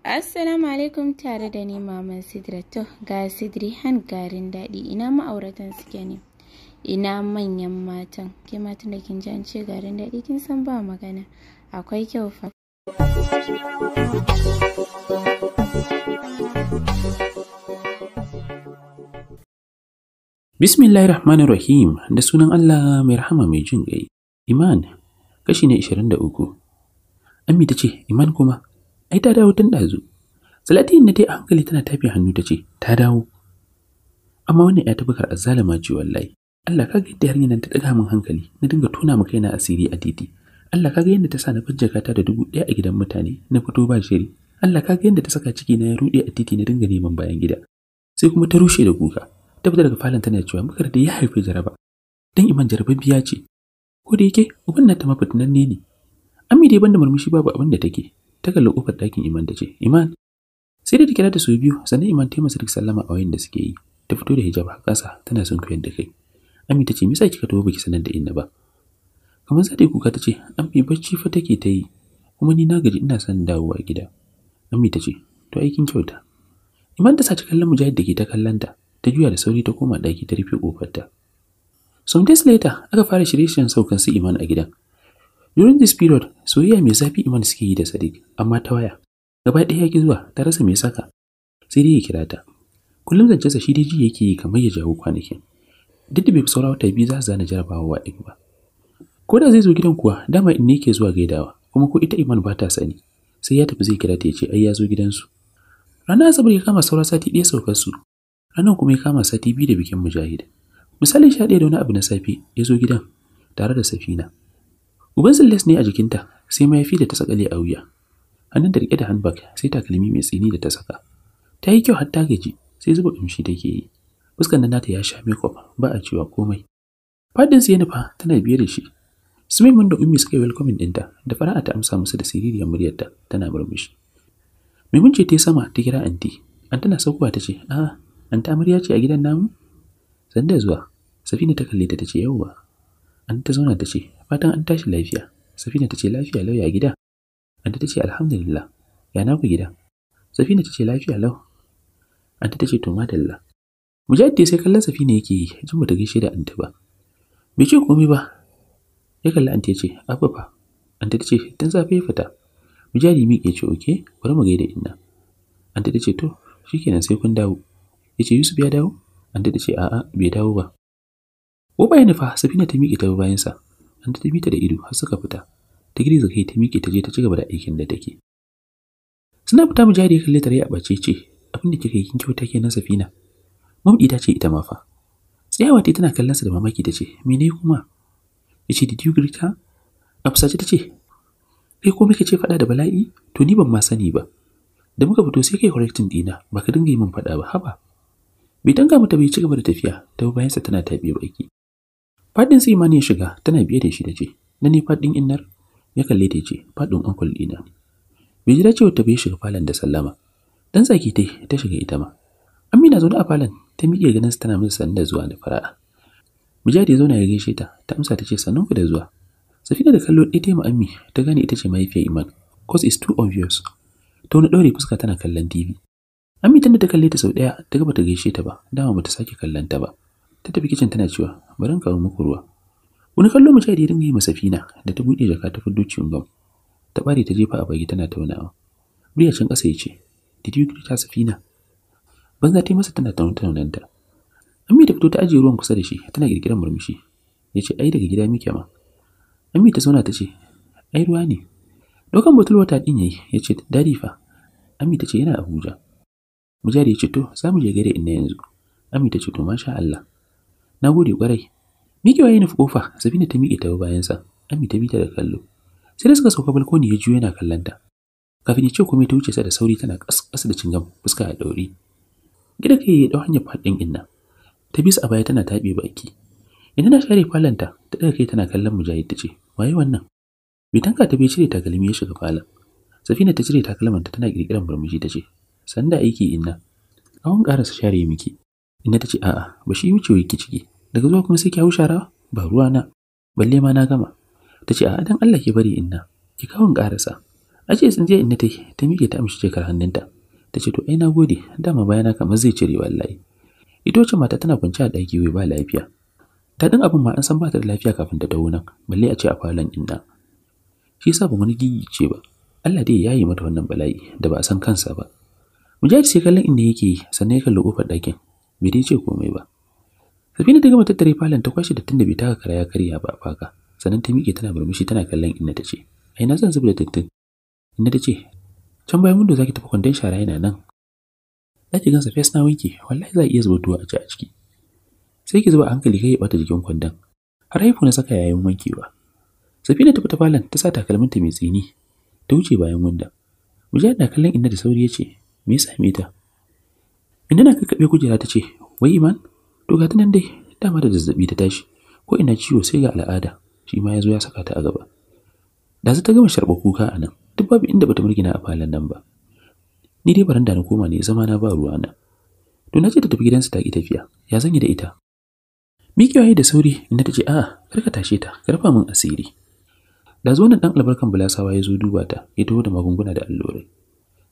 Assalamu alaikum tare da ni Maman Sidra to ga Sidri han garin daɗi ina ma'auratan suke ne ina manyan matan ke matan da kin ji an ce garin daɗi kin san ba magana akwai kyau fa Bismillahir Rahmanir Rahim da sunan Allah mai rahama mai jin ƙai Iman kashi ne 23 Ami ce Iman kuma ai ta dawo tun ɗazu salatin na dai a hankali tana tafi hannu ta ce ta dawo amma wannan ya tabbatar azzalama ce wallahi Allah ka ga yadda nan ta ɗaga min hankali na dinga tona mu kaina asiri a titi Allah ka ga yadda ta sa na fajja ta da dubu ɗaya a gidan mutane na fito ba shiri Allah ka ga yadda ta saka ciki na ya ruɗe a titi na dinga neman bayan gida sai kuma ta rushe da kuka ta fita daga falon tana cewa muka da ya haife jaraba dan iman jarababbiya ce ko da yake uban ta ma fitinanne ne ami dai banda murmushi babu abin da take ta kalli kofar ɗakin Iman ta ce, Iman, sai da ta kira ta su biyu sannan Iman ta yi masa duk sallama a wayan da suke yi, ta fito da hijab a ƙasa tana son koyar da kai. Ami ta ce, Me yasa kika tafi baki sanar da inna ba? Kamar za ta kuka ta ce, fi bacci fa take ta yi, kuma ni na gaji ina son dawowa gida. Ami ta ce, To aikin kyauta. Iman ta saci kallon mujahid da ke ta kallonta, ta juya da sauri ta koma ɗaki ta rufe ƙofarta. Some days later, aka fara shirye-shiryen saukan su Iman a gidan. During this period, soyayya mai zafi Iman suke yi da Sadiq, amma ta waya. Gaba ɗaya ya ki zuwa, ta rasa mai saka. Sai dai ya kira ta. Kullum zancensa shi dai ji yake yi kamar ya jawo kwanakin. Duk da bai saura wata biyu za su zana jarabawa ɗin ba. Ko da zai zo gidan kuwa, dama in ne ke zuwa gaidawa, kuma ko ita Iman ba ta sani. Sai ya tafi zai kira ta ya ce ai ya zo gidansu. Ranar Asabar ya kama saura sati ɗaya saukar su. Ranar kuma ya kama sati biyu da bikin Mujahid. Misalin sha ɗaya da wani abu na safe ya zo gidan tare da Safina. uban silles ne a jikinta sai mayafi da ta sakale a wuya hannun da rike da handbag sai takalmi mai tsini da ta saka ta yi kyau har ta gaji sai zuba kamshi take yi fuskar nan nata ya sha makeup ba a cewa komai fadin sai nufa tana biye da shi Sumin da Ummi suka yi welcoming ta da fara'a ta amsa musu da siririyar muryarta tana murmushi. mun ce ta sama ta kira anti, an tana saukowa ta ce, "A, an ta amarya ce a gidan namu?" "Zan Sanda zuwa, Safina ta kalle ta ta ce, "Yauwa." An ta zauna ta ce, Fatan an tashi lafiya. Safina ta ce lafiya lau ya gida. Anta ta ce alhamdulillah. Ya naku gida. Safina ta ce lafiya lau. Anta ta ce to madalla. Mujahid dai sai kallon Safina yake yi, jin bata gaishe da Anta ba. Bai ce komai ba. Ya kalli Anta ya ce, "Abba fa." Anta ta ce, "Tun safe ya fita." Mujahid ya miƙe ce, "Oke, bari mu gaida inna." Anta ta ce, "To, shikenan sai kun dawo." Ya ce, "Yusuf ya dawo?" Anta ta ce, "A'a, bai dawo ba." Ko bayan fa, Safina ta miƙe ta bayansa. an ta bi da ido har suka fita ta girgiza kai ta miƙe ta je ta cigaba da aikin da take suna fita mu ya kalle ta a bace ce abin da kika yi kin kyauta ke na safina mamdi ta ce ita ma fa tsayawa ta tana kallon sa da mamaki ta ce mene kuma ya ce did you greet her afsa ta ce kai ko muke ce faɗa da bala'i to ni ban ma sani ba da muka fito sai kai correcting dina baka dinga yi min faɗa ba haba bai tanga mata bai ci gaba da tafiya ta bayan sa tana taɓe baki Faɗin tsima ya shiga tana biye da shi da ce, na ne faɗin innar? Ya kalle ta ce, faɗin onkul ɗina. Bai jira cewa ta bai shiga falon da sallama. Dan tsaki ta ta shiga ita ma. Amina zaune a falon ta miƙe ganin tana masa sanin da zuwa da fara'a. bijira ya zauna ya gaishe ta, ta amsa ta ce sanin ku da zuwa. Safina da kallo ɗaya ta ma Ammi ta gane ita ce mahaifiyar Iman. Cause is too obvious. Ta wani ɗaure fuska tana kallon TV. Ammi tunda ta kalli ta sau ɗaya ta gaba ta gaishe ta ba, dama bata ta sake kallon ta ba. ta tafi kicin tana cewa bari in kawo muku ruwa wani kallo mujahid ya dinga yi Safina, da ta bude jaka ta fiddo gam ta bare ta jefa a bagi tana taunawa murya can ƙasa ya ce did you greet safina banza ta yi masa tana ta ammi ta fito ta ajiye ruwan kusa da shi tana girgiran murmushi yace ai daga gida muke ma ammi ta zauna ta ce ai ruwa ne dokan botul wata din yayi ya ce dadi fa ammi ta ce yana abuja mujari ya ce to za mu je gare in na yanzu ammi ta ce to masha Allah na gode kwarai miƙewa wa nufi ƙofa sabina ta miƙe ta bayansa ami ta bita da kallo sai da suka sauka balkoni ya juyo yana kallonta kafin ya ce komai ta wuce sa da sauri tana ƙasƙas da cingam fuska a ɗauri gida kai ya ɗau hanyar faɗin inna ta bisa a baya tana taɓe baki Ina na share falanta ta ɗaga kai tana kallon mujahid ta ce waye wannan tanka ta bai cire takalmi ya shiga falon safina ta cire takalmanta tana ƙirƙiran murmushi ta ce sanda aiki inna awon ƙarasa share miki inna ta ce a'a ba shi wuce wiki ciki daga zuwa kuma sai ki hau shara ba ruwa na balle ma na gama ta ce a dan Allah ki bari inna ki kawo in karasa a ce sun je inna ta ta miƙe ta amshi jekar hannunta ta ce to ai na gode dama bayana kamar zai cire wallahi ito ce mata tana kwance a ɗaki wai ba lafiya ta ɗin abin ma an san ba ta da lafiya kafin ta dawo nan balle a ce a falon inna shi yasa ba wani ce ba Allah dai ya yi mata wannan bala'i da ba a san kansa ba Mujahid sai kallon inda yake sannan ya kalli kofar ɗakin bai dai ce komai ba. Sabina ta gama tattare falon ta kwashe dattin da bai taka kara ya karya ba faka. Sannan ta miƙe tana murmushi tana kallon inna ta ce, "Ai na zan zuba dattin." ta ce, "Can bayan windo zaki tafi kwandon shara yana nan." Zaki gansa fes na wanke wallahi za a iya zuba duwa a ci a ciki. Sai ki zuba hankali kai ya bata jikin kwandon. Har haifu na saka yayin wankewa. Safina ta fita falon ta sa takalminta mai tsini ta wuce bayan wanda. Mujahid na kallon inna da sauri ya ce, "Me ya same ta?" inna na kakkaɓe kujera ta ce, "Wai Iman, to ga nan dai dama da zazzabi ta tashi ko ina ciwo sai ga al'ada shi ma ya zo ya saka ta a gaba da ta gama sharɓa kuka a nan duk babu inda bata murgina a falon nan ba ni dai baranda na koma ne zama na ba ruwa na to na ce ta tafi gidansa ta ki tafiya ya zanyi da ita miki yi da sauri inda ta ce a'a kar ka tashe ta karfa min asiri da zuwa nan dan albarkan bulasawa ya zo duba ta ya taho da magunguna da allurai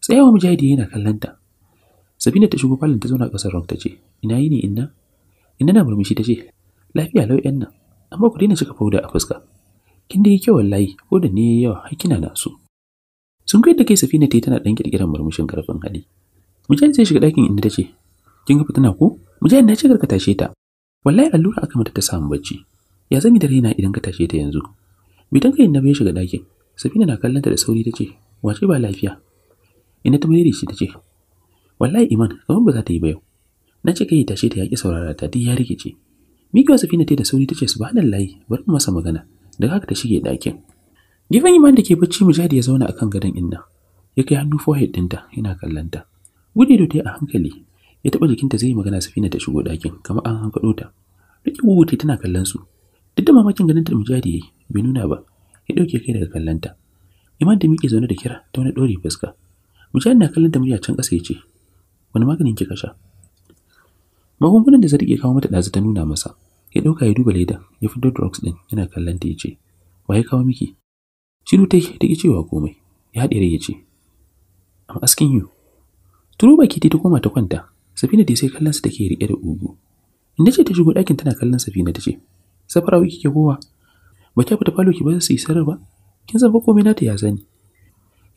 tsayawa mujahidi yana kallon ta Sabina ta shigo falon ta zauna kasar Rock ta ce, Ina yi ne inna? Inda na murmushi ta ce, Lafiya lau ‘yan nan, amma ku daina cika fauda a fuska. Kin da yi kyau wallahi, ko da ne yawa har kina na so. Sun kai da kai safina ta tana ɗan ƙirƙirar murmushin karfin hali. Mujahid sai shiga ɗakin inda ta ce, Kin ga fitina ko? Mujahid na ce ka tashe ta. Wallahi allura aka mata ta samu bacci. Ya zan yi da raina idan ka tashe ta yanzu. Bai tanka na bai shiga ɗakin. Safina na kallon ta da sauri ta ce, Wace ba lafiya? Ina ta bayyana shi ta ce, Wallahi Iman, kamar ba za ta yi ba yau. na ce kai tashi ta yaƙi saurara ta duk ya rikice miki wasu ta da sauri ta ce subhanallahi bari mu masa magana daga haka ta shige ɗakin gefen iman da ke bacci mu ya zauna kan gadon inna ya kai hannu forehead ɗinta yana kallonta gude da ta a hankali ya taɓa jikinta zai yi magana safina ta shigo ɗakin kamar an hankaɗo ta Rikin wuwute tana kallon su duk da mamakin ganin ta mujadi ya yi bai nuna ba ya ɗauke kai daga kallonta iman da miki zaune da kira ta wani ɗore fuska mujahid na kallon ta murya can ƙasa ya ce wani maganin kika sha magungunan da sadiq ya kawo mata ɗazu ta nuna masa ya ɗauka ya duba leda ya fito drugs din, yana kallon ta ya ce wa ya kawo miki shiru ta yi ta cewa komai ya haɗe rai ya ce am asking you turo baki ta koma ta kwanta safina dai sai kallon su take riƙe da ugu inda ce ta shigo ɗakin tana kallon safina ta ce safarawi kike kowa ba ki fita falo ki ba su yi sarar ba kin san komai nata ya sani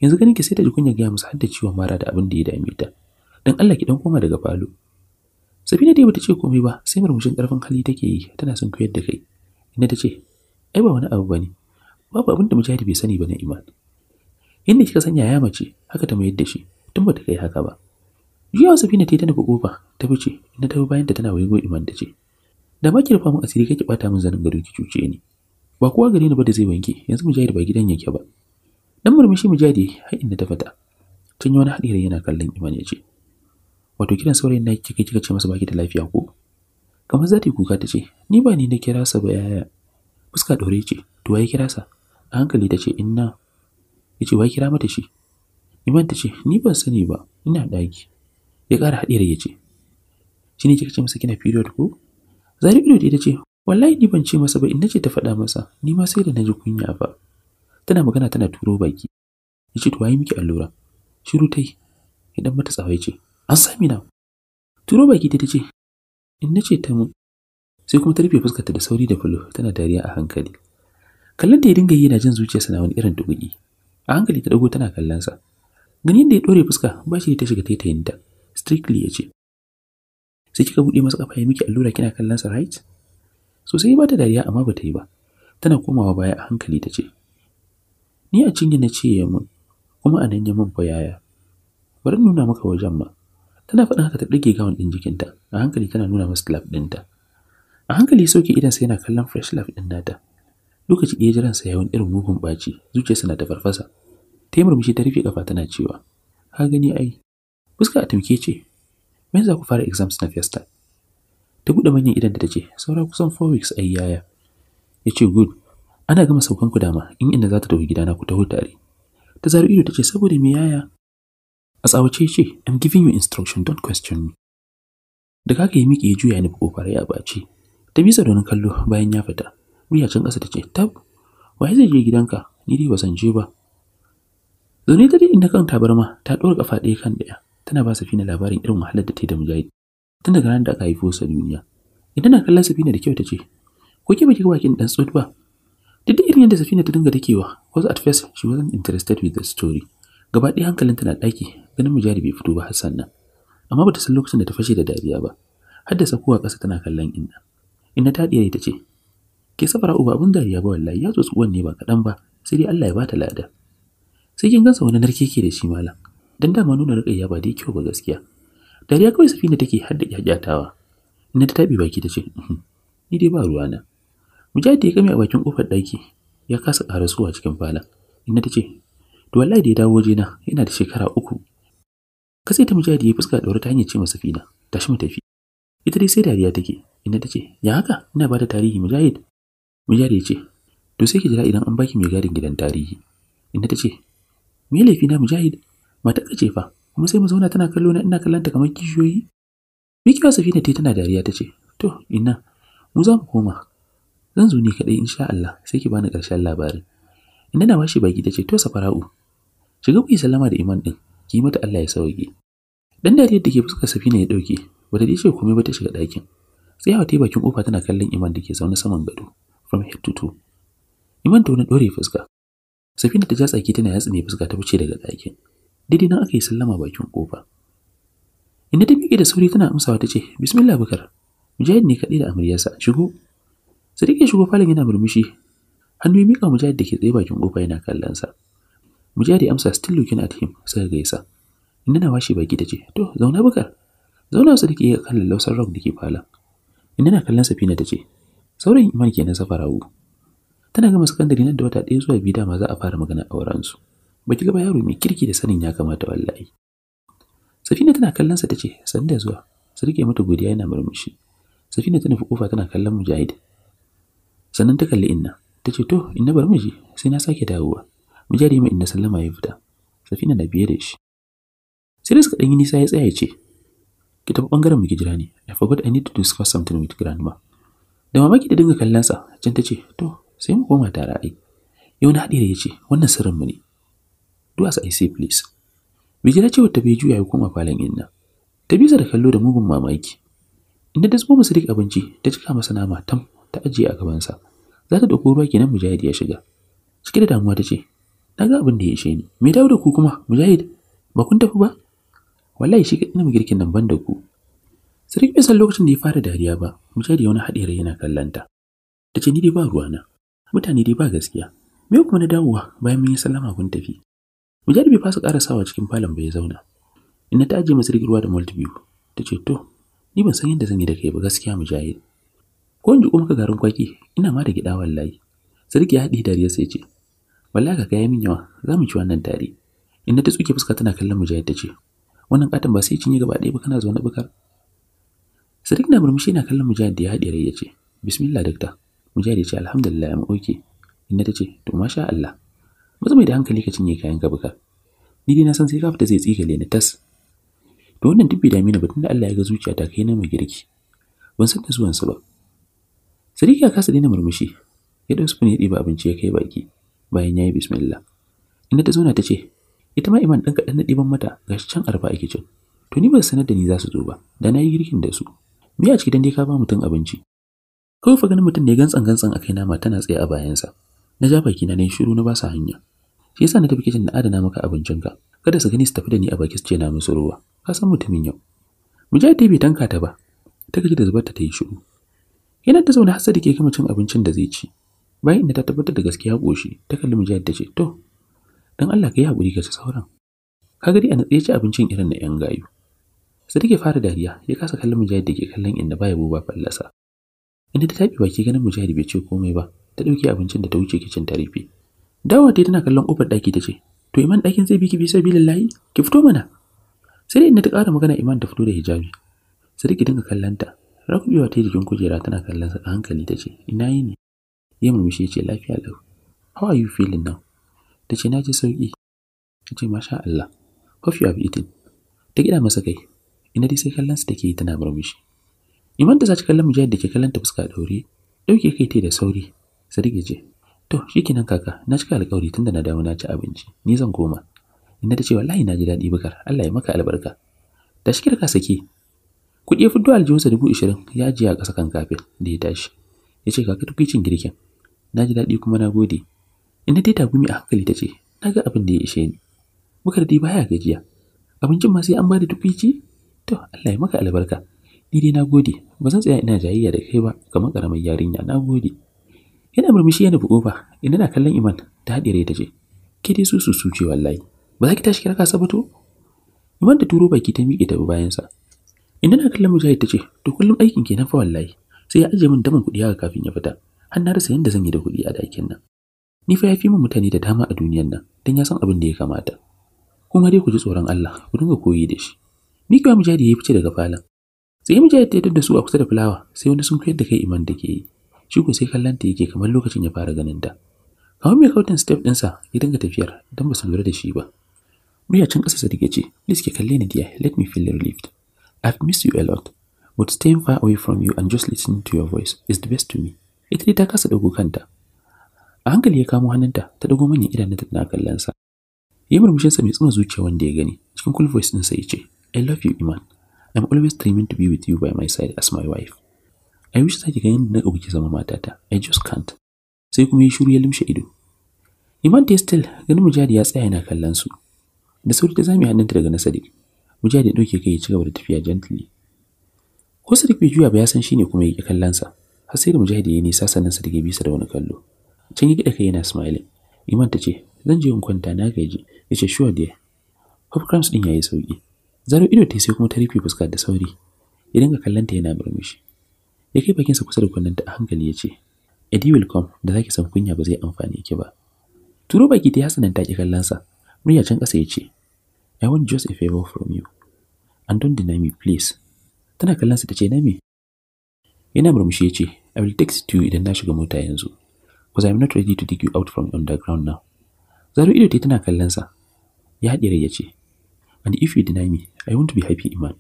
yanzu ganin ki sai ta ji kunya gaya musu har da ciwon mara da abin da ya dame ta dan Allah ki dan koma daga falo Sabina dai bata ce komai ba sai murmushin ƙarfin hali take yi tana son koyar da kai. Inna ta ce, ai ba wani abu ba ne, babu abin da mujahid bai sani ba na iman. Inda kika sanya ya mace haka ta mayar da shi tun bata kai haka ba. Jiya Sabina ta yi ta nufi ƙofa ta fice ina ta bayan ta tana wayo iman ta ce, da ma ki rufa asiri kake ɓata min zanin gado ki cuce ni. Ba kowa gari ne ba da zai wanke yanzu mujahid ba gidan yake ba. Dan murmushi mujahid har inda ta fita. Tun yi wani yana kallon iman ya ce, wato kiran saurayin da kika kika ce masa baki da lafiya ko kamar zati yi kuka ta ce ni ba ni na kira sa ba yaya fuska dore ce to waye kira sa a hankali ta ce inna ya ce kira mata shi iman ta ce ni ban sani ba ina daki ya kara haɗe da ya ce shi ne kika ce masa kina period ko zari ido ita ce wallahi ni ban ce masa ba in ce ta faɗa masa ni ma sai da naji kunya ba tana magana tana turo baki ya ce to waye miki allura shiru tai idan mata tsawai ce an Assamina. Turo baki ta ce, in na ce ta mu. Sai kuma ta rufe fuskarta da sauri da fulo tana dariya a hankali. Kallon da ya dinga yi yana jin zuciyarsa na wani irin tugugi. A hankali ta dago tana kallonsa. gani da ya dore fuska ba shi ta shiga taitayinta. Strictly ya ce, sai kika buɗe masa kafa ya miki allura kina kallon sa so Sosai ba ta dariya amma ba ta yi ba. Tana komawa baya a hankali ta ce, Ni a cinye na ce ya mun, kuma a nan ya mun fa yaya. Bari nuna maka wajen ma. tana faɗin haka ta ɗage gawon ɗin jikinta a hankali tana nuna masa lab ɗinta a hankali soke idan sai yana kallon fresh lab ɗin nata lokaci ɗaya jiransa sa irin mugun ɓaci zuciyarsa na ta farfasa ta yi murmushi ta rufe kafa tana cewa ha gani ai fuska a tamke ce me za ku fara exams na fiesta ta buɗe manyan idan da ta ce saura kusan 4 weeks ai yaya ya ce good ana gama saukan ku dama in inda za ta tafi gidana ku taho tare ta zaro ido ta ce saboda me yaya A tsawace ce, I'm giving you instruction, don't question me. Da kaka yi miƙe juya ni ƙofar ya baci Ta bisa donin kallo bayan ya fita. Murya can ƙasa ta ce, Tab, waye zai je gidanka? Ni dai ba san je ba. Zaune ta inda kan tabarma ta ɗora ƙafa ɗaya kan ɗaya. Tana ba Safina labarin irin wahalar da ta yi da mujahid. Tun daga ranar da aka haifo sa duniya. Idan na kallon Safina da kyau ta ce, Ko ke baki bakin ɗan tsot ba? Duk da irin yadda Safina ta dinga dakewa, was at first she wasn't interested with the story. Gaba ɗaya hankalinta na ɗaki ganin mujari bai fito ba hassan sannan amma bata san lokacin da ta fashe da dariya ba har da sakuwa ƙasa tana kallon inna inna ta ɗiya ta ce ke safara uba abun dariya ba wallahi ya zo tsuwan ne ba kaɗan ba sai dai Allah ya bata lada sai kin gansa wani narke ke da shi malam dan dama nuna ya ba dai kyau ba gaskiya dariya kawai safina take har da kyakyatawa inna ta tabi baki ta ce uhm, ni dai ba ruwa na. Mujahid ya kame a bakin kofar ɗaki ya kasa ƙara suwa cikin falon. Inna ta ce, To wallahi da ya dawo wajena yana da shekara uku Ka sai ta mujahid ya fuska ɗaure ta hanyar ce masa fina, tashi mu tafi. Ita dai sai dariya take, inda ta ya haka ina ba tarihi mujahid. Mujahid ya ce, to sai ki jira idan an baki mai gadin gidan tarihi. Inda tace ce, me laifi na mujahid? Mata ka ce fa, kuma sai mu zauna tana kallo na ina kallanta kamar kishiyoyi. kiwa Safina tai tana dariya tace to ina, mu za mu koma. Zan zo ni kaɗai insha Allah sai ki bani ƙarshen labarin. Inda na washe baki tace ce, to safara'u. Shiga ku yi sallama da iman ɗin, ki mata Allah ya sauke dan dariyar da ke fuskar safina ya dauke bata dace komai ba ta shiga ɗakin tsayawa ta bakin kofa tana kallon iman da ke zaune saman gado from head to toe iman ta wani dore fuska safina ta ja tsaki tana yatsa ne fuska ta fice daga ɗakin daidai nan aka yi sallama bakin kofa inda ta miƙe da sauri tana amsawa ta ce bismillah bukar mujahid ne kaɗai da amaryarsa shigo sadiq ya shigo falon yana murmushi hannu ya miƙa mujahid da ke tsaye bakin kofa yana kallon sa Mujari amsa still looking at him suka gaisa. Ina na washe baki ta ce, "To, zauna bukar." Zauna su dake kallon lallausar rock dake fala. Ina na kallon Safina ta ce, "Saurayin Iman kenan safarawu." Tana gama sakandare nan da wata ɗaya zuwa biyu dama za a fara magana auren su. Baki gaba yaro mai kirki da sanin ya kamata wallahi. Safina tana kallon sa tace, "San da zuwa." Su rike mata godiya yana murmushi. Safina tana nufi kofa tana kallon Mujahid. Sannan ta kalli Inna, tace, "To, Inna bar miji, sai na sake dawowa." mujari mu inda sallama ya fita. Safina na biye da shi. Sai da suka ɗan yi nisa ya tsaya ya ce, Ki tafi ɓangaren mu ki jira ni, I forgot I need to discuss something with grandma. Da mamaki da dinga kallon sa, can ta ce, To, sai mu koma tare ai. Yau na hade ya ce, Wannan sirrin mu ne. Do as I say please. Bijira ce wata bai juya ya koma falon inna. Ta bisa da kallo da mugun mamaki. Inda da zuwa masa abinci, ta cika masa nama tam ta ajiye a gabansa. Za ta ɗauko ruwa kenan mujahid ya shiga. Cike da damuwa ta ce, Naga abinda abin da ya ishe ni me dawo da ku kuma mujahid ba kun tafi ba wallahi shi kaɗai mu girkin nan ban da ku sarki bai san lokacin da ya fara dariya ba mujahid ya wani haɗe yana kallanta ta ce ni dai ba ruwana mutane dai ba gaskiya me kuma na dawowa bayan mun yi sallama kun tafi mujahid bai fasa ƙara sawa cikin falon bai zauna ina ta ajiye masa ruwa da multibiyu ta ce to ni ban san yadda zan yi da kai ba gaskiya mujahid ko in ji kuma ka garin kwaki ina ma da gida wallahi sarki ya haɗe dariya sai ce wallahi ka gaya min yawa za mu ci wannan tare Inna ta tsuke fuska tana kallon mujahid ta ce wannan katon ba sai cinye gaba ɗaya ba kana zaune bukar sadiq na murmushi na kallon mujahid da ya haɗe rai ya ce bismillah dakta mujahid ya ce alhamdulillah mu oke Inna ta ce to masha Allah maza mai da hankali ka cinye kayan ka bukar ni dai na san sai ka fita zai tsigale ni tas to wannan dubbe da mina batun da Allah ya ga zuciya ta kai na mai girki ban san da su ba Sadiq ya kasa daina murmushi, ya ɗau sufin ya ɗiba abinci ya kai baki. bayan ya yi bismillah inda ta zauna ta ce ita ma iman ɗan kaɗan na ɗiban mata gashi can arfa a kicin to ni ba sanar da ni za su zo ba da na yi girkin da su me a ciki dan dai ka ba mutum abinci kawai fa ganin mutum ne gantsan gantsan a kai nama tana tsaye a bayansa na ja baki na yi shiru na ba sa hanya shi yasa na tafi kicin na adana maka abincinka kada su gani su tafi da ni a baki su ce na musu ruwa ka san mutumin yau Mu ja mujahid bai tanka ta ba ta gaji da zubar ta ta yi shiru yana ta zauna hasa da ke kama cin abincin da zai ci bayan da ta tabbatar da gaskiya goshi ta kalli mujahid ta ce to dan Allah ka yi haƙuri ka ci sauran Ka gari a natsaye ci abincin irin na yan gayu sai take fara dariya ya kasa kallon mujahid da ke kallon inda baya buba fallasa inda ta tafi baki ganin mujahid bai ce komai ba ta ɗauki abincin da ta wuce kicin ta rufe dawa ta tana kallon ƙofar ɗaki ta ce to iman ɗakin zai bi ki bi sabilillahi ki fito mana sai dai inda ta ƙara magana iman ta fito da hijabi sai dinga kallon ta rakubewa ta jikin kujera tana kallon sa a hankali ta ce ina yi ne ya murmushi ce lafiya lau how are you feeling now ta ce na ji sauƙi ta ce masha Allah hope you have eaten ta gida masa kai ina dai sai kallon su take yi tana murmushi iman ta saci kallon mujahid da ke kallon ta fuska daure dauke kai ta da sauri sai rige je to shikenan kaka na cika alƙawari tunda na dawo na ci abinci ni zan koma ina ta ce wallahi na ji daɗi bakar Allah ya maka albarka da shi ka sake kuɗi ya fito aljihunsa dubu ishirin ya ajiye a ƙasa kan kafin da ya tashi ya ce kaka tukicin girkin na ji daɗi kuma na gode inda dai tagumi a hankali ta ce na ga abin da ya ishe ni muka da baya gajiya abincin ma sai an ba da tukwici to Allah ya maka albarka ni dai na gode ba zan tsaya ina jayayya da kai ba kamar karamar yarinya na gode yana murmushi yana bugo ba ina na kallon iman ta haɗe ta ce ke dai su su ce wallahi ba za ki tashi kira ka to iman da turo baki ta miƙe ta bayansa Ina na kallon mujahid ta ce to kullum aikin kenan fa wallahi sai ya ajiye min daman kuɗi haka kafin ya fita har na rasa yadda zan yi da kuɗi a ɗakin nan ni fa ya fi min mutane da dama a duniyar nan don ya san abin da ya kamata kuma dai ku ji tsoron Allah ku dinga koyi da shi ni kiwa mujahid ya fice daga falon sai mujahid ta da su a kusa da fulawa sai wani sun koyar da kai iman da ke yi shi ko sai kallon ta yake kamar lokacin ya fara ganin ta kawai mai kautin step ɗinsa ya dinga tafiyar don ba su lura da shi ba Muya can ƙasa sadiga ce please ke kalle ni dear let me feel relieved I've missed you a lot but staying far away from you and just listening to your voice is the best to me ita dai ta kasa dugo kanta a hankali ya kamo hannunta ta dugo manyan ta tana kallon sa ya murmushinsa sa mai tsuma zuciya wanda ya gani cikin cool voice din sa ce, i love you iman i'm always dreaming to be with you by my side as my wife i wish zaki ga yadda na gaba zama matata i just can't sai kuma ya shiru ya limshe ido iman ta still ganin mujadi ya tsaya yana kallon su da sauri ta zame hannunta daga na sadiq mujadi ya dauke kai ya ci gaba da tafiya gently ko sadiq bai juya ba ya san shine kuma ya ki kallon sa har sai da mujahid ya nisa sannan sa dake bisa da wani kallo can ya gida kai yana smiling iman ta ce zan je in kwanta na gaji ya ce sure dear hop cramps din yi sauki zaro ido ta sai kuma ta rufe fuska da sauri ya dinga kallanta yana murmushi ya kai bakinsa kusa da kunnenta a hankali ya ce Eddie will come da zaki san kunya ba zai amfane ki ba. Turo baki ta hasanan taki kallon sa. Murya can kasa ce. I want just a favor from you. And don't deny me please. Tana kallon sa ce na me? Yana murmushi ya ce. I will text you idan na shiga mota yanzu. Because I'm not ready to dig you out from underground now. Zaro ido tana kallon sa. Ya haɗe ya ce, And if you deny me, I won't be happy, Iman.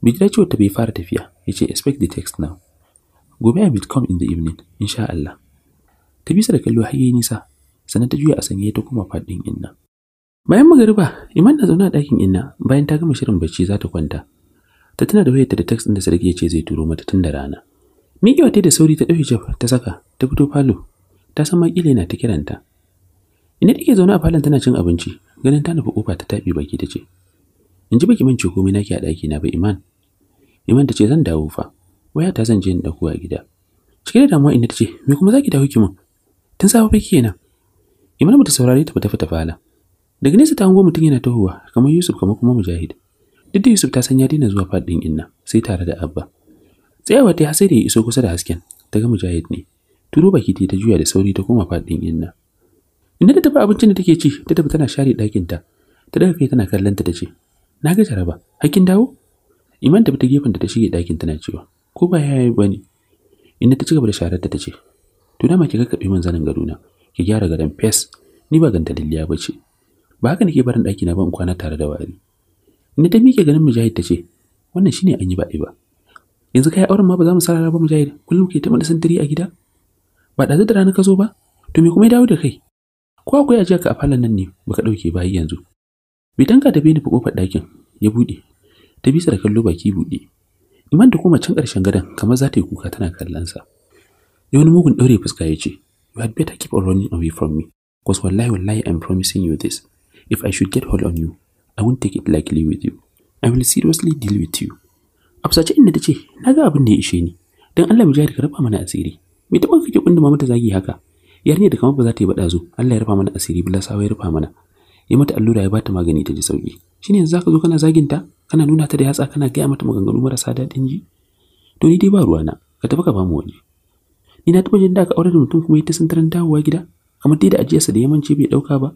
Bi jira cewa ta bai fara tafiya, ya ce, Expect the text now. Gobe I will come in the evening, insha Allah. Ta bisa da kallo har nisa, sannan ta juya a sanye ta koma faɗin inna. Bayan magariba, Iman na zauna a ɗakin inna bayan ta gama shirin bacci za ta kwanta. Ta tana da wayarta da text ɗin da sarki ya ce zai turo mata tun da rana. Miƙewa ta da sauri ta ɗauki jab ta saka ta fito falo ta san makila yana ta kiranta. Ina take zaune a falon tana cin abinci ganin ta nufi kofa ta taɓi baki ta ce. In ji baki min ce komai naki a ɗaki na ba Iman. Iman ta ce zan dawo fa waya ta zan je in ɗauko a gida. Cike da damuwa inda ta ce me kuma za ki dawo ki mun? Tun safe fa kenan. Iman bata saurare ta ba ta fita fala. Daga nesa ta hango mutum yana tahowa kamar Yusuf kamar kuma Mujahid. Duk da Yusuf ta san ya daina zuwa faɗin inna sai tare da Abba. tsayawa ta sai da ya iso kusa da hasken ta ga mujahid ne turo baki ta ta juya da sauri ta koma fadin inna inda ta tafi abincin da take ci ta tafi tana share ɗakin ta daga kai tana kallon ta ce na ga jaraba hakin dawo iman tafi ta gefen da ta shige ɗakin tana cewa ko ba ya ba ne inda ta ci gaba da sharar ta ce to dama ki kakkaɓe min zanin na. ki gyara gadon fes ni ba ganta dilliya ba ce ba haka nake barin ɗakina ba in kwana tare da wari inda ta miƙe ganin mujahid ta ce wannan shine an yi baɗi ba yanzu kai auren ma ba za mu sarara ba mujahid kullum ke ta da santiri a gida ba ɗazu da rana ka zo ba to me kuma ya dawo da kai ko akwai jiya ka a falon nan ne baka ɗauke bayi yanzu bitanka da bini fa kofar dakin ya buɗe ta bisa da kallo baki buɗe iman da kuma can karshen gadon kamar za ta yi kuka tana kallonsa ya wani mugun ɗaure fuska ya ce you had better keep on running away from me because wallahi wallahi I'm promising you this if I should get hold on you I won't take it lightly with you I will seriously deal with you fusace inda ta ce, na ga abin da ya ishe ni, don Allah mu jari ka rafa mana asiri. Me taɓa kake kunda mama ta zagi haka? Yarinya da kamar ba za ta yi baɗa zo, Allah ya rafa mana asiri, bila sawa ya rafa mana. Ya mata allura ya bata magani ta ji sauki. Shine yanzu zaka zo kana zagin ta, kana nuna ta da yatsa kana gaya mata maganganu marasa daɗin ji? To ni dai ba ruwana, ka tafi ka bamu waje. Ni na taɓa jin da ka aure da mutum kuma ya ta santaran dawowa gida, kamar dai da ajiyarsa da yamanci bai ɗauka ba.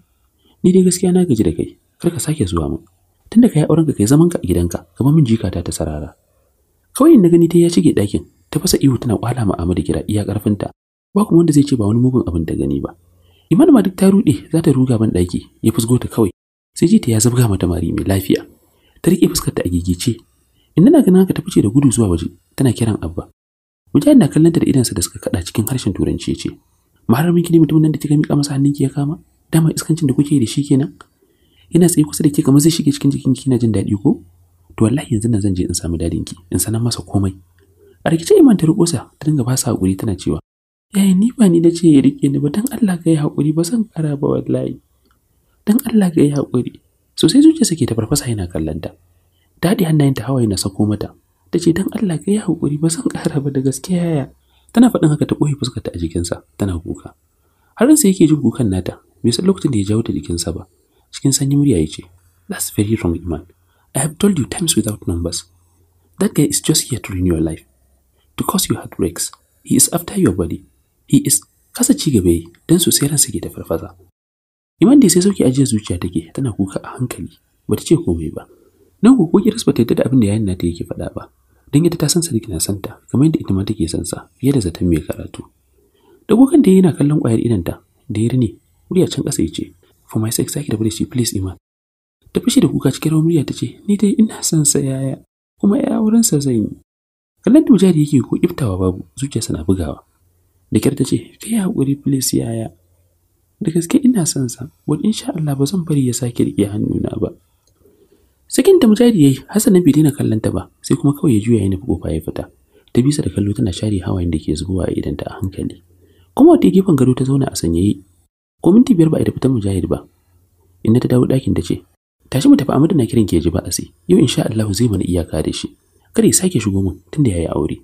Ni dai gaskiya na gaji da kai, kar ka sake zuwa min. Tunda ka yi aurenka kai ka a gidanka, ka min jikata ta sarara. kawai na gani ta ya shige ɗakin ta fasa ihu tana kwala ma Amadu kira iya karfinta ba kuma wanda zai ce ba wani mugun abin da gani ba Iman ma duk ta rude za ta ruga ban ɗaki ya fusgo ta kawai sai ji ta ya zabga mata mari mai lafiya ta rike fuskar ta a gigice inda na ganin haka ta fice da gudu zuwa waje tana kiran Abba Mujahid na kallon ta da idansa da suka kada cikin harshen turanci ce maharamin kini ne mutumin nan da kika mika masa hannunki ya kama dama iskancin da kuke da shi kenan yana tsaye kusa da ke kamar zai shige cikin jikin kina jin daɗi ko to wallahi yanzu nan zan je in samu ki in sanar masa komai a rikice iman ta riko sa ta dinga ba sa hakuri tana cewa yayi ni ba ni ce ya rike ni ba dan Allah ga yi hakuri ba zan kara ba wallahi dan Allah ga yi hakuri sosai zuciya sake ta farfasa yana kallanta dadi hannayenta hawaye na sako mata ta ce don Allah ga yi haƙuri ba zan ƙara ba da gaskiya yaya tana faɗin haka ta ɓoye ta a jikinsa tana kuka har sai yake jin kukan nata bai san lokacin da ya jawo ta jikinsa ba cikin sanyi murya ya ce that's very wrong iman I have told you times without numbers. That guy is just here to ruin your life, to cause heart heartbreaks. He is after your body. He is kasa ci gaba yi don sosai ran ke da farfasa. Iman da sai sauki ajiyar zuciya take tana kuka a hankali Ba ta ce komai ba. Nan ku koki ba ta yadda da abin da yayin nata yake faɗa ba. Don yadda ta san Sadiq na santa kamar yadda ita ma take san sa fiye da zaton mai karatu. Dagokan da yana kallon ƙwayar idanta da ya wuri a can ƙasa ya ce for my sake sake da bude shi please Iman ta fashe da kuka cikin rawar murya ta ce ni dai ina son sa yaya kuma ya wurin sa zan yi kallon da mujari yake ko iftawa babu zuciyarsa na bugawa da kyar ta ce ka yi haƙuri please yaya da gaske ina son sa wani insha Allah ba zan bari ya sake riƙe hannuna ba sakin da mujari yayi Hassan bai daina kallon ta ba sai kuma kawai ya juya ya nufi kofa ya fita ta bisa da kallo tana share hawayen da ke zubowa a idanta a hankali kuma wata gefen gado ta zauna a sanyaye ko minti biyar ba a da fitar mujahid ba Inna ta dawo ɗakin ta ce tashi mu tafi Amadu na kiran ke ji ba sai, yau insha Allah zai mana iyaka da shi kada ya sake shigo mun tunda yayi aure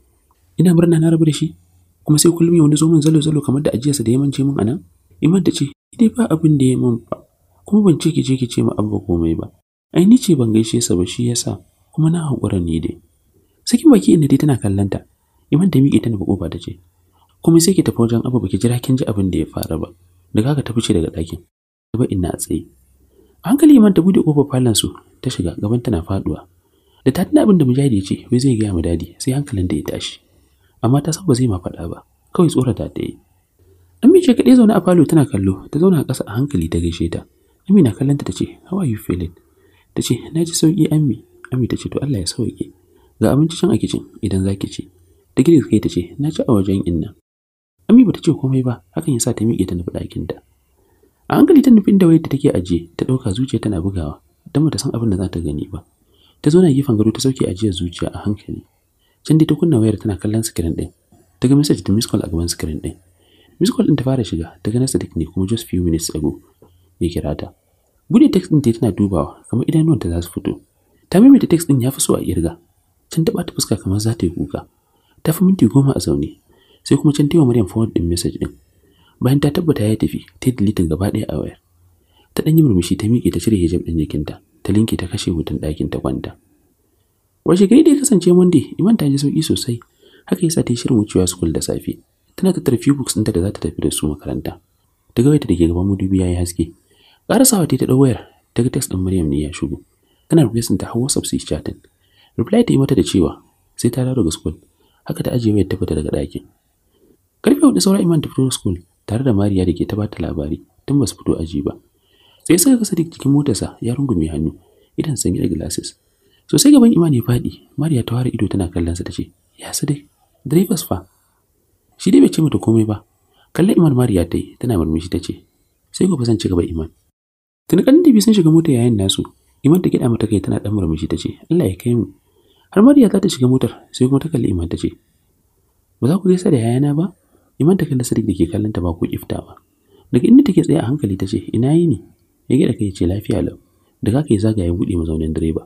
ina murna na rabu da shi kuma sai kullum ya wani zo mun zalo zalo kamar da ajiyarsa da ya mance mun anan iman ta ce idai ba abin da ya mun ba kuma ban ce ki je ki ce ma abba komai ba ai ni ce ban gaishe sa ba shi yasa kuma na hakura ne dai sakin baki inda dai tana kallanta iman ta miƙe ta nufi ba ta ce kuma sai ki tafi wajen abu baki jira kin ji abin da ya faru ba daga ka ta fice daga ɗakin ba ina tsaye a hankali man ta bude kofar falon su ta shiga gaban tana faduwa da ta tuna abin da mujahidi ya ce wai zai gaya mu dadi sai hankalin da ya tashi amma ta san ba zai ma faɗa ba kawai tsorata ta yi Ami ce kaɗai zaune a falo tana kallo ta zauna a ƙasa a hankali ta gaishe ta Amina kallanta ta ce how are you feeling ta ce na ji sauki Ami Ami ta ce to Allah ya sauke ga abinci can a kicin idan za ki ci ta girgiza kai ta ce na ci a wajen inna Ami bata ce komai ba hakan ya sa ta miƙe ta nufi ɗakinta. a hankali ta nufin da wayar da take ajiye ta ɗauka zuciya tana bugawa don bata san abin da za ta gani ba ta zo na gefen gado ta sauke ajiyar zuciya a hankali can dai ta kunna wayar tana kallon sikirin ɗin ta ga message da miss call a gaban sikirin ɗin miss call ɗin ta fara shiga ta ga nasa ne kuma just few minutes ago ya kira ta bude text ɗin tana dubawa kamar ta za su fito ta maimaita text ɗin ya fi so a kirga can ta ɓata fuska kamar za ta yi kuka ta fi minti goma a zaune sai kuma can taiwa maryam forward ɗin message ɗin bayan ta tabbata ya tafi ta dilitin gaba ɗaya a wayar ta ɗan yi murmushi ta miƙe ta cire hijab ɗin jikinta ta linke ta kashe hutun ɗakin ta kwanta washe gari da ya kasance monday iman ta ji sauƙi sosai haka yasa ta yi shirin wucewa school da safe tana ta tarfi books ɗinta da za ta tafi da su makaranta ta ga wayarta da ke gaban madubi ya yi haske ƙarasawa ta yi ta ɗau wayar ta ga text ɗin maryam ne ya shigo tana requesting ta hau whatsapp su chatting reply ta yi mata da cewa sai ta dawo daga school haka ta ajiye wayar ta fita daga ɗakin karfe hudu saura iman ta fito school tare da Mariya da ke ta bata labari tun ba su fito aji ba. Sai suka kasa duk jikin motarsa ya rungume hannu idan sanye da glasses. Sosai gaban Iman ya faɗi, Mariya ta ware ido tana kallon sa ta ce, "Ya su dai, drivers fa." Shi dai bai ce mata komai ba. Kallon Iman Mariya ta yi tana murmushi ta ce, "Sai gobe zan ci gaba Iman." Tun kan dibi sun shiga mota yayin nasu, Iman ta gida mata kai tana dan murmushi ta ce, "Allah ya kai mu." Har Mariya za ta shiga motar, sai kuma ta kalli Iman ta ce, "Ba za ku gaisa da yayana ba?" Iman ta kalli da ke kallon ta ba ko ifta ba. Daga inda take tsaye a hankali ta ce, "Ina yi ne?" Ya gida kai ya ce, "Lafiya lau." Da kaka ya zagaya ya buɗe mazaunin direba.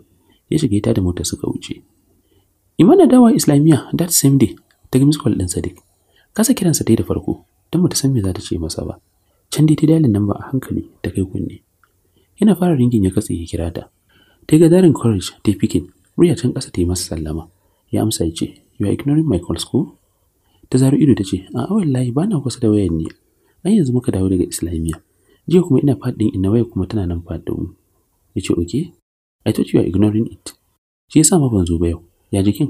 Ya shiga ya da motar suka wuce. Iman na dawa Islamiyya that same day ta ga call ɗin Sadiq. Kasa kiransa ta yi da farko, don bata san me za ta ce masa ba. Can dai ta dalin nan ba a hankali ta kai kunne. Yana fara ringin ya katse ya kira ta. Ta ga darin courage ta fikin, murya can ƙasa ta yi masa sallama. Ya amsa ya ce, "You are ignoring my calls ko?" ta zaro ido ta ce a wallahi bana na kusa da wayar ne ai yanzu muka dawo daga islamiyya jiya kuma ina fadin ina waya kuma tana nan faɗin ya ce oke i thought you are ignoring it shi yasa ma ban zo ba yau ya jikin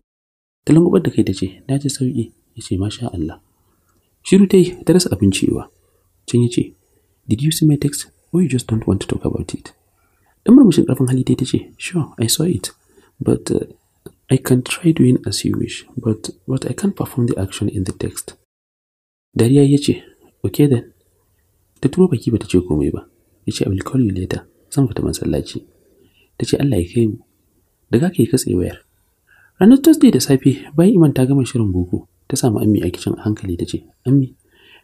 ta lungubar da kai ta ce na ji sauki ya ce masha Allah shiru ta ta rasa abin cewa can ya ce did you see my text or you just don't want to talk about it dan murmushin karfin hali ta ce sure i saw it but uh, I can try doing as you wish, but, but I can't perform the action in the text. Dariya ya ce, Okay then. Ta turo baki ba ta ce komai ba. Ya ce, I will call you later. Zan fita masallaci. Ta ce, Allah ya kai mu. Da ka yi katse wayar. Ranar Thursday da safe, bayan Iman ta gama shirin boko, ta samu Ammi a kicin hankali ta ce, Ammi,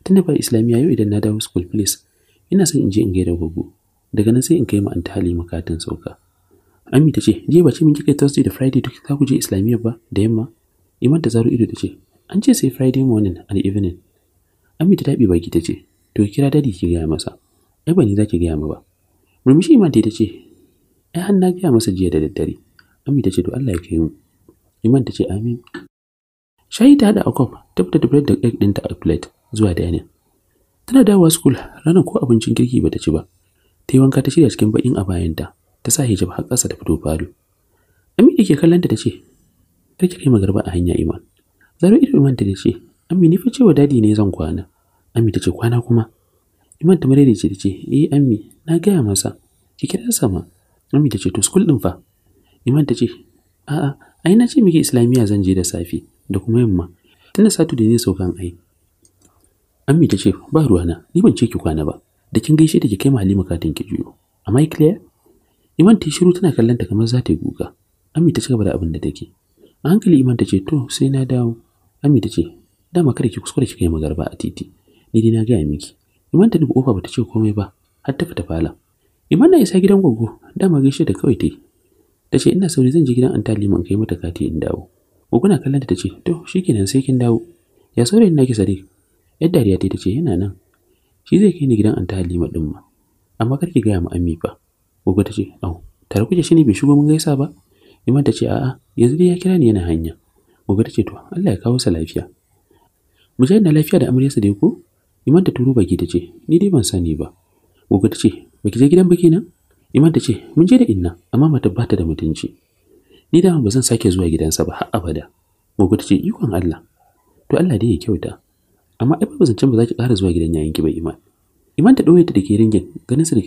tunda ba Islamiyya yau idan na dawo school please, ina son in je in gaida gogo. Daga nan sai in kai ma an ta halima katin sauka. Ami ta ce, "Je ba ce min kika Thursday da Friday duk ka kuje islamiyya ba da yamma?" Iman ta zaro ido ta ce, "An ce sai Friday morning and evening." Ami ta taɓe baki ta ce, "To kira dadi ki gaya masa." Ai ba ni za ki gaya ma ba. Murmushi Iman ta ce, "Ai har na gaya masa jiya da daddare." Ami ta ce, "To Allah ya kai mu." Iman ta ce, "Amin." Shayi ta hada a kwaf, ta fita da bread da egg ɗinta a plate zuwa dinin. Tana dawowa school ranar ko abincin kirki bata ci ba. Ta yi wanka ta shirya cikin baƙin a bayanta ta sa hijab har ƙasa ta fito falo amini ke kallon ta ce kar ki kai magarba a hanya Iman zaro ido Iman ta ce Ami ni fa cewa dadi ne zan kwana Ami ta ce kwana kuma Iman ta mare ce ta ce eh Ami na gaya masa ki kira sama Ami ta ce to school din fa Iman ta ce a'a ai na ce miki islamiya zan je da safi da kuma yamma tunda satu da ne saukan ai Ami ta ce ba ruwana ni ban ce ki kwana ba da kin gaishe da ki kai mahalli katin ki juyo am I clear Iman ta shiru tana kallon ta kamar za ta yi kuka. Ami ta cigaba da abin da take. A hankali Iman ta ce to sai na dawo. Ami ta ce dama kada ki kuskure ki kai magarba a titi. Ni dai na gaya miki. Iman ta nufi kofa bata ce komai ba har ta fita falon. Iman na isa gidan gwaggo dama gaishe da kawai ta yi. Ta ce ina sauri zan je gidan Anta Liman kai mata kati in dawo. na kallon ta ce to shi shikenan sai kin dawo. Ya saurayin naki sare. Yadda dariya ta ce yana nan. Shi zai kai ni gidan Anta Halima din ma. Amma kar ki gaya ma Ami ba. Gogo ta ce, "Au, tare kuke shi ne bai shigo mun gaisa ba?" Iman ta ce, "A'a, yanzu dai ya kira ni yana hanya." Gogo ta ce, "To, Allah ya kawo sa lafiya." Mujahid na lafiya da amaryarsa dai ko? Iman ta turo baki ta ce, "Ni dai ban sani ba." Gogo ta ce, ki je gidan baki nan?" Iman ta ce, "Mun je da inna, amma mata ba ta da mutunci." Ni da ba zan sake zuwa gidansa ba har abada. Gogo ta ce, "Ikon Allah." To Allah dai ya kyauta. Amma ai ba zancen ba za ki ƙara zuwa gidan yayin ki ba Iman. Iman ta ɗoye ta da ke ringin ganin sa ne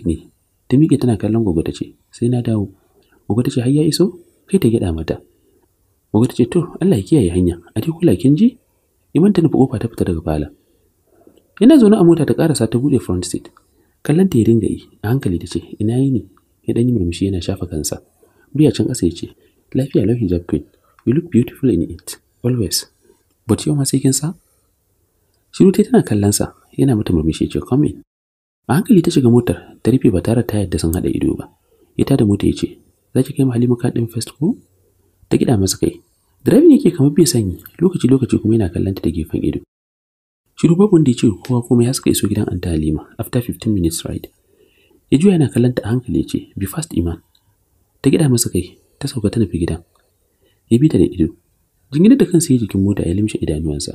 ta miƙe tana kallon gogo ta ce sai na dawo gogo ta ce har ya iso kai ta gyaɗa mata gogo ta ce to Allah ya kiyaye hanya a dai kula kin ji iman ta nufi kofa ta fita daga fala yana zaune a mota ta karasa ta buɗe front seat kallon ta ya dinga yi a hankali ta ce ina yi ne ya ɗan yi murmushi yana shafa kansa biya can ƙasa ya ce lafiya lau hijab queen you look beautiful in it always but yau ma sai kin sa shiru tana kallon sa yana mata murmushi ce come in a hankali ta shiga motar ta rufe ba tare ta yadda sun haɗa ido ba ya da mota ya ce za ki kai mu halima kaɗin fest ko ta gida masa kai direbin yake kamar bai sanyi lokaci lokaci kuma yana kallon ta da gefen ido shiru babu wanda ya ce kowa kuma ya suka iso gidan anta halima after 15 minutes ride ya juya yana kallon ta a hankali ya ce be fast iman ta gida masa kai ta sauka ta nufi gidan ya bi ta da ido jingina da kansa ya jikin mota ya limshe idanuwansa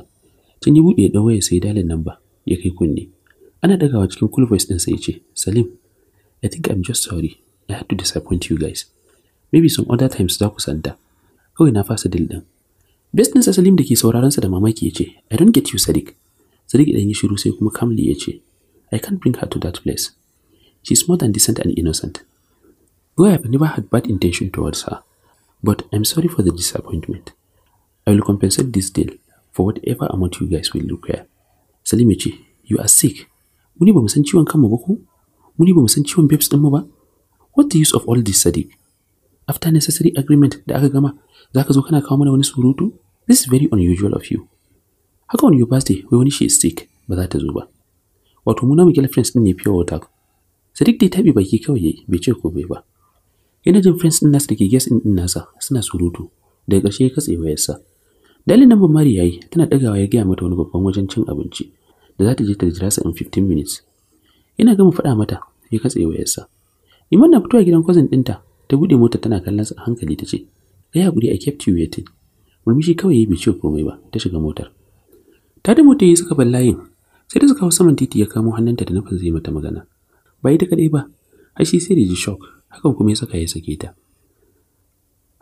can ya buɗe ya ɗau waya sai dalin namba ya kai kunne Ana dagawa cikin cool voice ɗinsa ya ce, Salim, I think I'm just sorry. I had to disappoint you guys. Maybe some other times za ku santa. Kawai na fasa dil ɗin. Best ɗinsa Salim da ke sauraronsa da mamaki ya ce, I don't get you, Sadiq. Sadiq idan yi shiru sai kuma Kamli ya ce, I can't bring her to that place. She's more than decent and innocent. Though I've never had bad intention towards her, but I'm sorry for the disappointment. I will compensate this deal for whatever amount you guys will require. Salim ya ce, You are sick. muni ba mu san ciwon kanmu ba ko muni ba mu san ciwon babes mu ba what the use of all this sadiq after necessary agreement da aka gama za ka zo kana kawo mana wani surutu this is very unusual of you haka on your birthday wai wani she sick ba za ta zo ba wato mu na mu girlfriends din ne pure water sadiq dai tabi baki kawai yayi bai ce ko ba yana jin friends din nasu da ke guest din nasa suna surutu daga ƙarshe ya katse wayarsa dalilin nan ba mari yayi tana dagawa ya gaya mata wani babban wajen cin abinci da za ta je ta jira sa in 15 minutes ina gama faɗa mata ya katse wayarsa iman na fitowa gidan cousin ɗinta ta buɗe mota tana kallon sa a hankali ta ce kai hakuri a kept you waiting murmushi kawai ya bi ce komai ba ta shiga motar ta da mota yayi suka bar layin sai da suka hau saman titi ya kamo hannunta da nufin zai mata magana ba ita kaɗai ba ashi sai da ji shock hakan kuma ya saka ya sake ta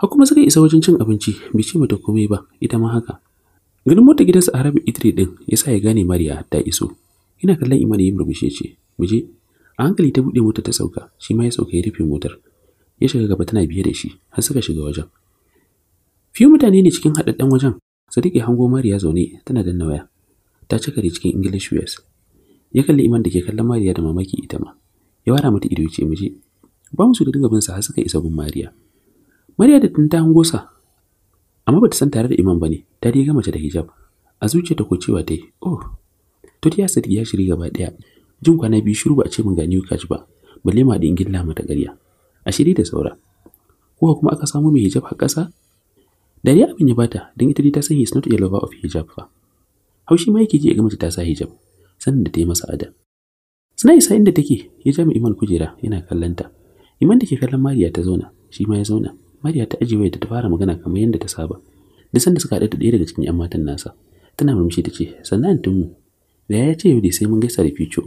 har kuma suka isa wajen cin abinci bai ce mata komai ba ita ma haka ganin mota gidansa a harabin itire din ya sa ya gane mariya ta iso ina kallon iman yin murmushi ce mu je a hankali ta buɗe mota ta sauka shi ma ya sauka ya rufe motar ya shiga gaba tana biye da shi har suka shiga wajen fiye mutane ne cikin haɗaɗɗen wajen sadiq ya hango mariya zaune tana danna waya ta cika da cikin english wears ya kalli iman da ke kallon mariya da mamaki ita ma ya wara mata ido ce mu je ba mu su da dinga bin sa har suka isa gun mariya mariya da tun ta hango sa amma bata san tare da imam bane ta dai ga mace da hijab a zuciya ta ko cewa tai oh to ta yasa ya shiri gaba daya jin kwana biyu shiru ba a ce mun ga new catch ba balle ma da gilla mata ƙarya a shiri da saura ko kuma aka samu mai hijab a ƙasa dariya abin ya bata don ita dai ta san he is not a lover of hijab fa haushi ma yake ji ga mace ta sa hijab sannan da ta yi masa adam suna isa inda take ya ja iman kujera yana kallanta iman da ke kallon mariya ta zauna shi ma ya zauna Mariya ta ajiye wayarta ta fara magana kamar yadda ta saba. Duk sanda suka haɗu da ɗaya daga cikin 'yan matan nasa, tana murmushi ta ce, "Sannan tumu, da ya ce yau da sai mun gaisa da fico."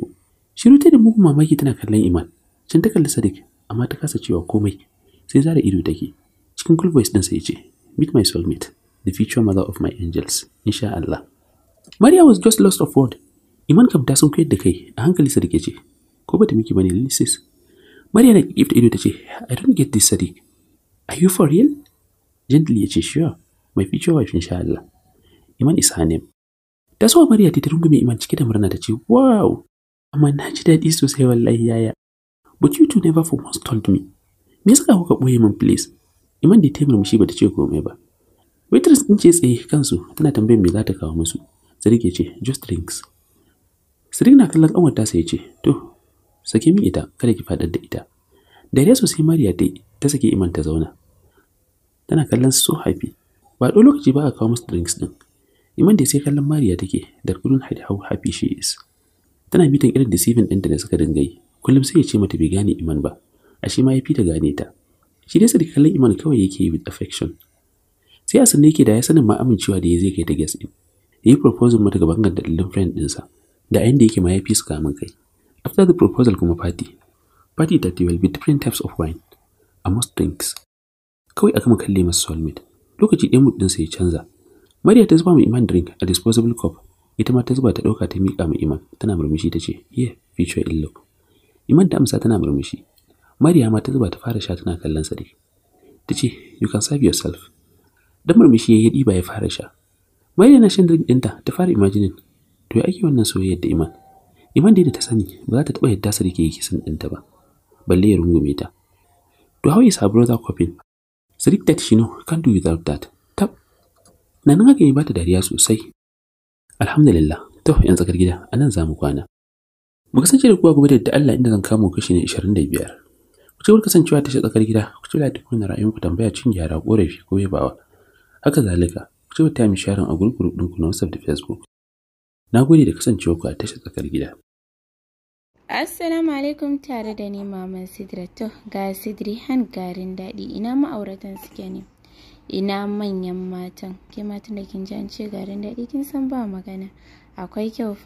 Shiru ta da mugun mamaki tana kallon Iman. Can ta kalli Sadiq, amma ta kasa cewa komai. Sai zara ido take. Cikin cool voice ɗin sai ce, "Meet my soulmate, the future mother of my angels, insha Allah." Maria was just lost of word. Iman kam ta sun koyar da kai a hankali Sadiq ya ce, "Ko bata miki ne Lisis?" Mariya na ta ido ta ce, "I don't get this Sadiq." Are you for real? Gently ya ce sure, my future wife sha Allah. Iman is her name. Ta so Mariya ta rungume Iman cike da murna ta ce wow, amma na ji daɗi sosai wallahi yaya. But you two never for once told me. Me yasa kuka ɓoye min please? Iman da ta yi murmushi ba ta ce komai ba. Waitress ɗin ce tsaye kansu tana tambayar me za ta kawo musu. Sadiq ya ce just drinks. Sadiq na kallon ƙanwar tasa ya ce to sake min ita kada ki faɗar da ita. da dariya sosai mariya ta ta saki iman ta zauna tana kallon su haifi ba ɗau lokaci ba a kawo musu drinks din. iman da sai kallon mariya take da kudin how happy she is tana bitan irin deceiving ɗin da suka dinga yi kullum sai ya ce mata bai gane iman ba a shi ma ya ta gane ta shi dai sadiq kallon iman kawai yake yi with affection sai asan yake da ya sanin ma amincewa da ya zai kai ta gas ɗin ya yi proposal mata gaban ga dalilin friend ɗinsa da a yake ma ya fi su kamun kai after the proposal kuma party Party that there will be different types of wine a most drinks. Kawai a gama kalle masu soulmate, lokaci ɗaya mood ɗinsa ya canza. Mariya ta zuba mu Iman drink a disposable cup, ita ma ta zuba ta ɗauka ta miƙa mu Iman, tana murmushi ta ce, "Here, future in look Iman ta amsa tana murmushi. Mariya ma ta zuba ta fara sha tana kallon sa dai. Ta ce, "You can save yourself." Dan murmushi ya yi ɗiba ya fara sha. Mariya na shan drink ɗinta ta fara imajinin. to ya ake wannan soyayyar da Iman. Iman dai da ta sani ba za ta taɓa yadda Sadiq ya yi kisan ɗinta ba. balle ya rungume ta to how is her brother coping Sadiq that she know can't do without that tab nan haka yi bata dariya sosai alhamdulillah to 'yan tsakar gida anan zamu kwana mu kasance da kuwa gobe da Allah inda zan kamo kashi ne 25 ku ce kasancewa ta tsakar gida ku ce lati kuna ra'ayin ku tambaya cin gyara korafi ko yabawa haka zalika ku ce ta mi sharing a gurgurudin ku na WhatsApp da Facebook na gode da kasancewa ku a tashar tsakar gida Assalamu alaikum tare da ni Maman Sidra to ga Sidri han garin daɗi ina ma'auratan suke ne ina manyan matan ke matan da kin ji an ce garin daɗi kin san ba magana akwai kyau fa